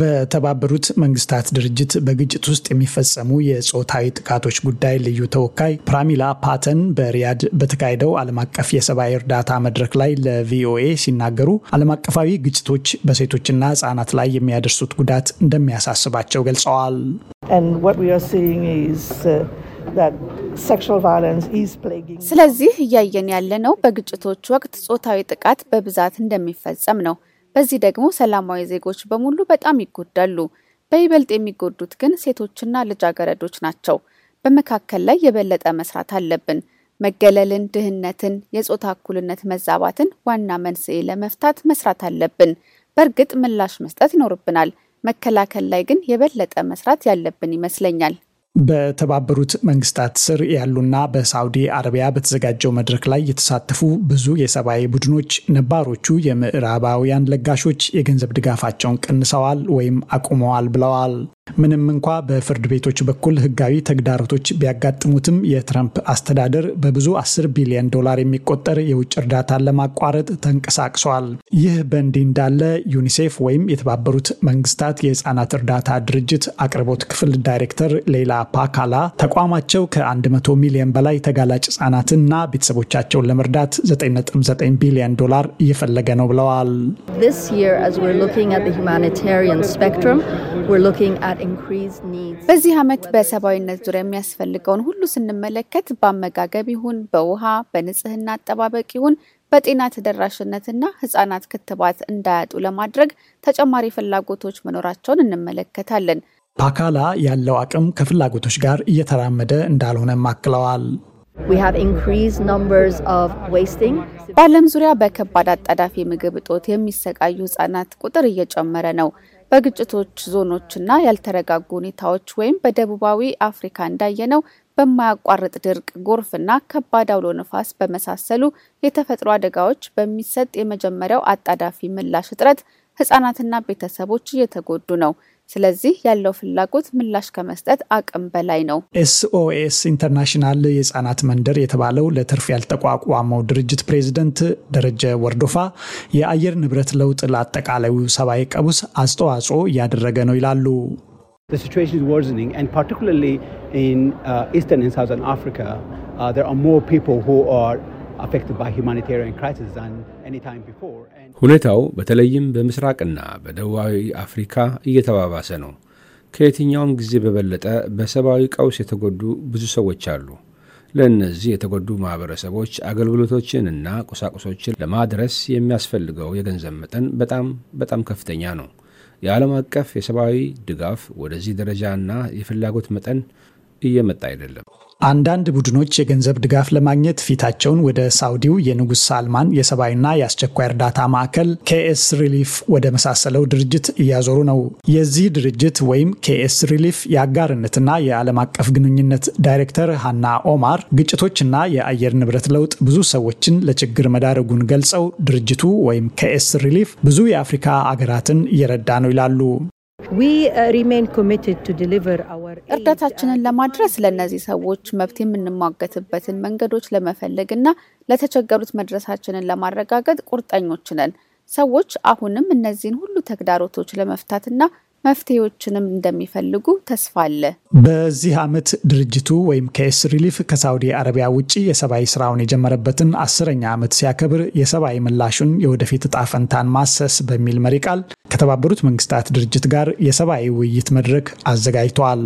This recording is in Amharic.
በተባበሩት መንግስታት ድርጅት በግጭት ውስጥ የሚፈጸሙ የጾታዊ ጥቃቶች ጉዳይ ልዩ ተወካይ ፕራሚላ ፓተን በሪያድ በተካሄደው ዓለም አቀፍ የሰብአዊ እርዳታ መድረክ ላይ ለቪኦኤ ሲናገሩ ዓለም አቀፋዊ ግጭቶች በሴቶችና ሕጻናት ላይ የሚያደርሱት ጉዳት እንደሚያሳስባቸው ገልጸዋል። uh, ስለዚህ እያየን ያለነው በግጭቶች ወቅት ጾታዊ ጥቃት በብዛት እንደሚፈጸም ነው። በዚህ ደግሞ ሰላማዊ ዜጎች በሙሉ በጣም ይጎዳሉ። በይበልጥ የሚጎዱት ግን ሴቶችና ልጃገረዶች ናቸው። በመካከል ላይ የበለጠ መስራት አለብን። መገለልን፣ ድህነትን፣ የጾታ እኩልነት መዛባትን ዋና መንስኤ ለመፍታት መስራት አለብን። በእርግጥ ምላሽ መስጠት ይኖርብናል። መከላከል ላይ ግን የበለጠ መስራት ያለብን ይመስለኛል። በተባበሩት መንግስታት ስር ያሉና በሳውዲ አረቢያ በተዘጋጀው መድረክ ላይ የተሳተፉ ብዙ የሰብአዊ ቡድኖች ነባሮቹ የምዕራባውያን ለጋሾች የገንዘብ ድጋፋቸውን ቀንሰዋል ወይም አቁመዋል ብለዋል። ምንም እንኳ በፍርድ ቤቶች በኩል ሕጋዊ ተግዳሮቶች ቢያጋጥሙትም የትራምፕ አስተዳደር በብዙ 10 ቢሊዮን ዶላር የሚቆጠር የውጭ እርዳታን ለማቋረጥ ተንቀሳቅሷል። ይህ በእንዲህ እንዳለ ዩኒሴፍ ወይም የተባበሩት መንግስታት የህፃናት እርዳታ ድርጅት አቅርቦት ክፍል ዳይሬክተር ሌላ ፓካላ ተቋማቸው ከ100 ሚሊዮን በላይ ተጋላጭ ህጻናትና ቤተሰቦቻቸውን ለመርዳት 9.9 ቢሊዮን ዶላር እየፈለገ ነው ብለዋል። በዚህ ዓመት በሰብአዊነት ዙሪያ የሚያስፈልገውን ሁሉ ስንመለከት በአመጋገብ ይሁን በውሃ በንጽህና አጠባበቅ ይሁን በጤና ተደራሽነትና ህጻናት ክትባት እንዳያጡ ለማድረግ ተጨማሪ ፍላጎቶች መኖራቸውን እንመለከታለን። ፓካላ ያለው አቅም ከፍላጎቶች ጋር እየተራመደ እንዳልሆነም አክለዋል። በዓለም ዙሪያ በከባድ አጣዳፊ ምግብ እጦት የሚሰቃዩ ህጻናት ቁጥር እየጨመረ ነው። በግጭቶች ዞኖችና ያልተረጋጉ ሁኔታዎች ወይም በደቡባዊ አፍሪካ እንዳየነው በማያቋርጥ ድርቅ፣ ጎርፍና ከባድ አውሎ ነፋስ በመሳሰሉ የተፈጥሮ አደጋዎች በሚሰጥ የመጀመሪያው አጣዳፊ ምላሽ እጥረት ህጻናትና ቤተሰቦች እየተጎዱ ነው። ስለዚህ ያለው ፍላጎት ምላሽ ከመስጠት አቅም በላይ ነው። ኤስኦኤስ ኢንተርናሽናል የህጻናት መንደር የተባለው ለትርፍ ያልተቋቋመው ድርጅት ፕሬዝደንት ደረጀ ወርዶፋ የአየር ንብረት ለውጥ ለአጠቃላዩ ሰብአዊ ቀውስ አስተዋጽኦ እያደረገ ነው ይላሉ። ስ ሁኔታው በተለይም በምስራቅና በደቡባዊ አፍሪካ እየተባባሰ ነው። ከየትኛውም ጊዜ በበለጠ በሰብአዊ ቀውስ የተጎዱ ብዙ ሰዎች አሉ። ለእነዚህ የተጎዱ ማህበረሰቦች አገልግሎቶችን እና ቁሳቁሶችን ለማድረስ የሚያስፈልገው የገንዘብ መጠን በጣም በጣም ከፍተኛ ነው። የዓለም አቀፍ የሰብአዊ ድጋፍ ወደዚህ ደረጃና የፍላጎት መጠን እየመጣ አይደለም። አንዳንድ ቡድኖች የገንዘብ ድጋፍ ለማግኘት ፊታቸውን ወደ ሳውዲው የንጉሥ ሳልማን የሰብአዊና የአስቸኳይ እርዳታ ማዕከል ኬኤስ ሪሊፍ ወደ መሳሰለው ድርጅት እያዞሩ ነው። የዚህ ድርጅት ወይም ኬኤስ ሪሊፍ የአጋርነትና የዓለም አቀፍ ግንኙነት ዳይሬክተር ሃና ኦማር ግጭቶችና የአየር ንብረት ለውጥ ብዙ ሰዎችን ለችግር መዳረጉን ገልጸው ድርጅቱ ወይም ኬኤስ ሪሊፍ ብዙ የአፍሪካ አገራትን እየረዳ ነው ይላሉ። uh, እርዳታችንን ለማድረስ ለእነዚህ ሰዎች መብት የምንሟገትበትን መንገዶች ለመፈለግና ለተቸገሩት መድረሳችንን ለማረጋገጥ ቁርጠኞች ነን። ሰዎች አሁንም እነዚህን ሁሉ ተግዳሮቶች ለመፍታትና መፍትሄዎችንም እንደሚፈልጉ ተስፋ አለ። በዚህ ዓመት ድርጅቱ ወይም ኬስ ሪሊፍ ከሳውዲ አረቢያ ውጭ የሰብአዊ ስራውን የጀመረበትን አስረኛ ዓመት ሲያከብር የሰብአዊ ምላሹን የወደፊት እጣ ፈንታን ማሰስ በሚል መሪ ቃል ከተባበሩት መንግስታት ድርጅት ጋር የሰብአዊ ውይይት መድረክ አዘጋጅተዋል።